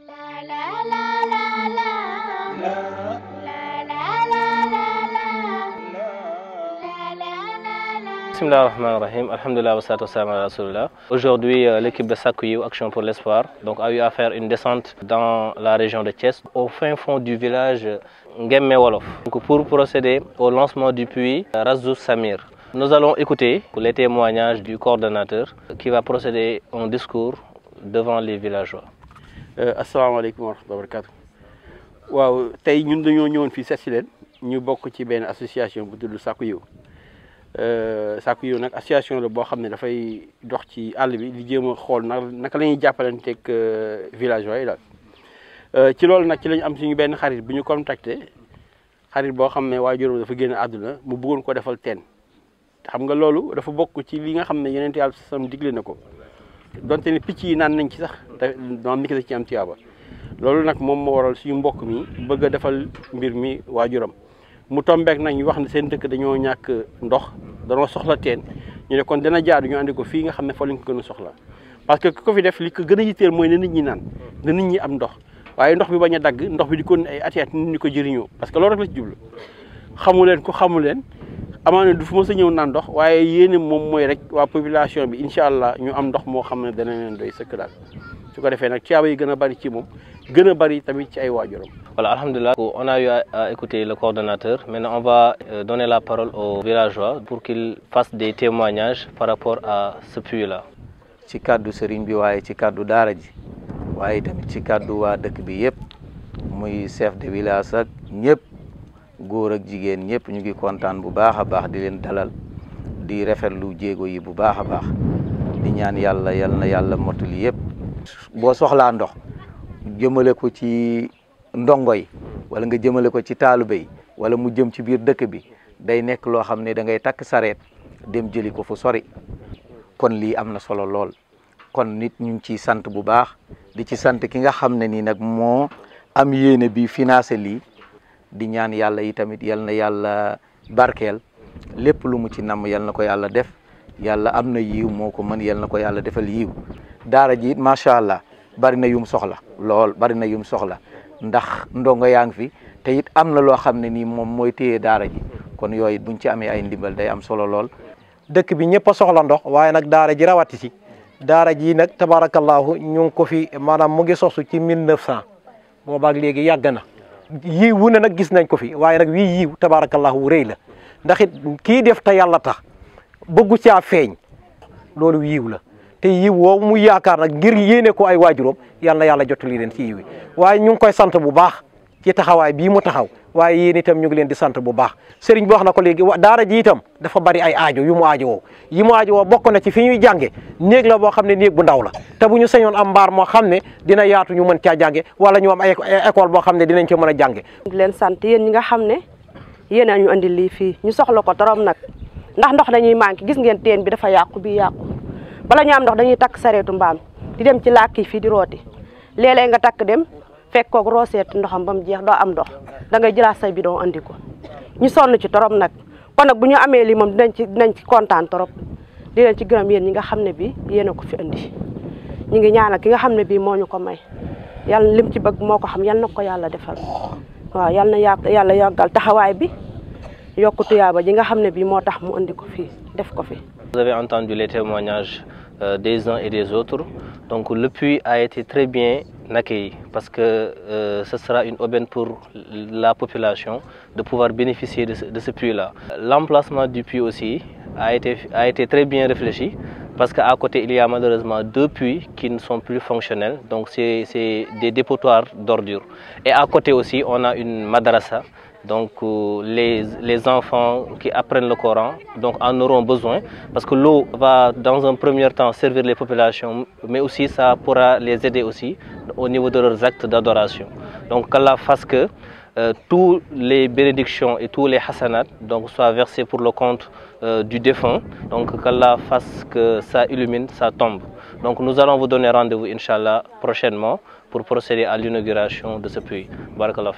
Bismillah ar-Rahman ar-Rahim. Alhamdulillah wa salatu wa rasulullah. Aujourd'hui, euh, l'équipe de Sakuyu Action pour l'Espoir donc a eu à faire une descente dans la région de Thiès, au fin fond du village Ngemme Wolof. Donc, pour procéder au lancement du puits euh, Razou Samir. Nous allons écouter les témoignages du coordonnateur qui va procéder en discours devant les villageois. Euh, asalaamaaleykum wa waaw tey ñun dañoo ñëwoon fii seet leen ñu bokk ci benn association bu tudd Sakku Yiw euh, Sakku Yiw nag association la boo xam ne dafay dox ci àll bi di jéem a xool naka la ñuy jàppalanteeg euh, villageois yi daal. ci loolu nag ci lañu am suñu benn xarit bu ñu contacté xarit boo xam ne waajuram dafa génn àdduna mu buggoon ko defal teen xam nga loolu dafa bokk ci li nga xam ne yeneen yàlla sam digle na ko. donte ne picc yi naan nañ ci sax te maam ni ki da ci am tiyaaba loolu nag moom moo waral suñu mbokk mi bëgg a defal mbir mi waajuram mu tombeek nag ñu wax ne seen dëkk dañoo ñàkk ndox danoo soxla teen ñu ne kon dana jaar ñu andi ko fii nga xam ne fa lañ ko gën a soxla parce que ko fi def li ko gën a yitteel mooy na nit ñi naan ne nit ñi am ndox waaye ndox bi bañ a dagg ndox bi di ko ay ati at nit ñi ko jëriñoo parce que loolu rek la jublu xamu leen ku xamu leen amaana du fu ma sa ñëw naan ndox waaye yéene moom mooy rek waa population bi incha allah ñu am ndox moo xam ne dana leen doy sëkk daal su ko defee nag tiyaaba yi gën a bari ci moom gën a bari tamit ci ay waajuram. Voilà, alhamdulillah, on a eu à, écouter le coordonnateur. Maintenant, on va euh, donner la parole aux villageois pour qu'ils fassent des témoignages par rapport à ce puits-là. ci kàddu sëriñ bi waaye ci kàddu daara ji waaye tamit ci kàddu waa dëkk bi yëpp muy chef de village ak ñëpp. góor ak jigéen ñëpp ñu ngi kontaan bu baax a baax di leen dalal di rafetlu jéego yi bu baax a baax di ñaan yàlla yal na yàlla mottali yëpp. boo soxlaa ndox jëmale ko ci ndongo yi wala nga jëmale ko ci taalibe yi wala mu jëm ci biir dëkk bi day nekk loo xam ne da ngay takk sareet dem jëli ko fu sori kon lii am na solo lool kon nit ñu ngi ciy sant bu baax di ci sant ki nga xam ne nii nag moo am yéene bi financé lii. di ñaan yàlla yi tamit yal na yàlla barkeel lépp lu mu ci namm yal na ko yàlla def yàlla am na yiw moo ko mën yal na ko yàlla defal yiw daara ji it macha allah bari na yum soxla lool bari na yum soxla ndax ndongo yaa ngi fi te it am na loo xam ne nii moom mooy téye daara ji kon yooyu buñ ci amee ay ndimbal day am solo lool. dëkk bi ñëpp a soxla ndox waaye nag daara ji rawati ci daara ji nag tabaarakallaahu ñu ngi ko fi maanaam mu ngi sosu ci 1900 boobaag léegi yàgg na yiw wu ne nag gis nañ ko fi waaye nag wii yiw tabaarakallahu wu rëy la ndax it kii def ta yàlla tax bëggu caa feeñ loolu yiw la te yiw woowu mu yaakaar nag ngir yéene ko ay waajuram yàlla na yàlla jottali leen ci yiw yi waaye ñu ngi koy sant bu baax ci taxawaay bii mu taxaw waaye yéen itam ñu ngi leen di sant bu baax sëriñ bi wax na ko léegi daara ji itam dafa bari ay aajo yu mu aajo woo yi mu aajo woo bokk na ci fi ñuy jànge néeg la boo xam ne néeg bu ndaw la te bu ñu sañoon am mbaar moo xam ne dina yaatu ñu mën caa jànge wala ñu am ay école boo xam ne dinañ ci mën a jànge di leen sant yéen ñi nga xam ne yéen a ñu andi lii fii ñu soxla ko torom nag ndax ndox dañuy manqué gis ngeen teen bi dafa yàqu bi yàqu bala ñu am ndox dañuy takk sareetu mbaam di dem ci làkk yi fii di rooti léeg-léeg nga takk dem fekk koog rooseet ndoxam ba mu jeex doo am ndox da ngay jëlaat say bidon andi ko ñu sonn ci torop nag kon nag bu ñu amee lii moom dinañ ci dinañ ci kontaan torop di leen ci gërëm yéen ñi nga xam ne bii yéen a ko fi andi ñu ngi ñaanal ki nga xam ne bii moo ñu ko may yàlla lim ci bëgg moo ko xam yal na ko yàlla defal waaw yal na yàlla yàggal taxawaay bi yokk tuyaaba ji nga xam ne bii moo tax mu andi ko fii def ko fi. Vous avez entendu les témoignages euh, des uns et des autres donc le puits a été très bien l'accueillir parce que euh, ce sera une aubaine pour la population de pouvoir bénéficier de ce, ce puits-là. L'emplacement du puits aussi a été, a été très bien réfléchi parce à côté, il y a malheureusement deux puits qui ne sont plus fonctionnels, donc c'est des dépotoirs d'ordures. Et à côté aussi, on a une madrasa Donc euh, les, les, enfants qui apprennent le Coran donc, en auront besoin parce que l'eau va dans un premier temps servir les populations mais aussi ça pourra les aider aussi au niveau de leurs actes d'adoration. Donc la fasse que euh, les bénédictions et tous les hasanats donc, soient versés pour le compte euh, du défunt. Donc qu'Allah fasse que ça illumine sa tombe. Donc nous allons vous donner rendez-vous Inch'Allah prochainement pour procéder à l'inauguration de ce puits. Barakallah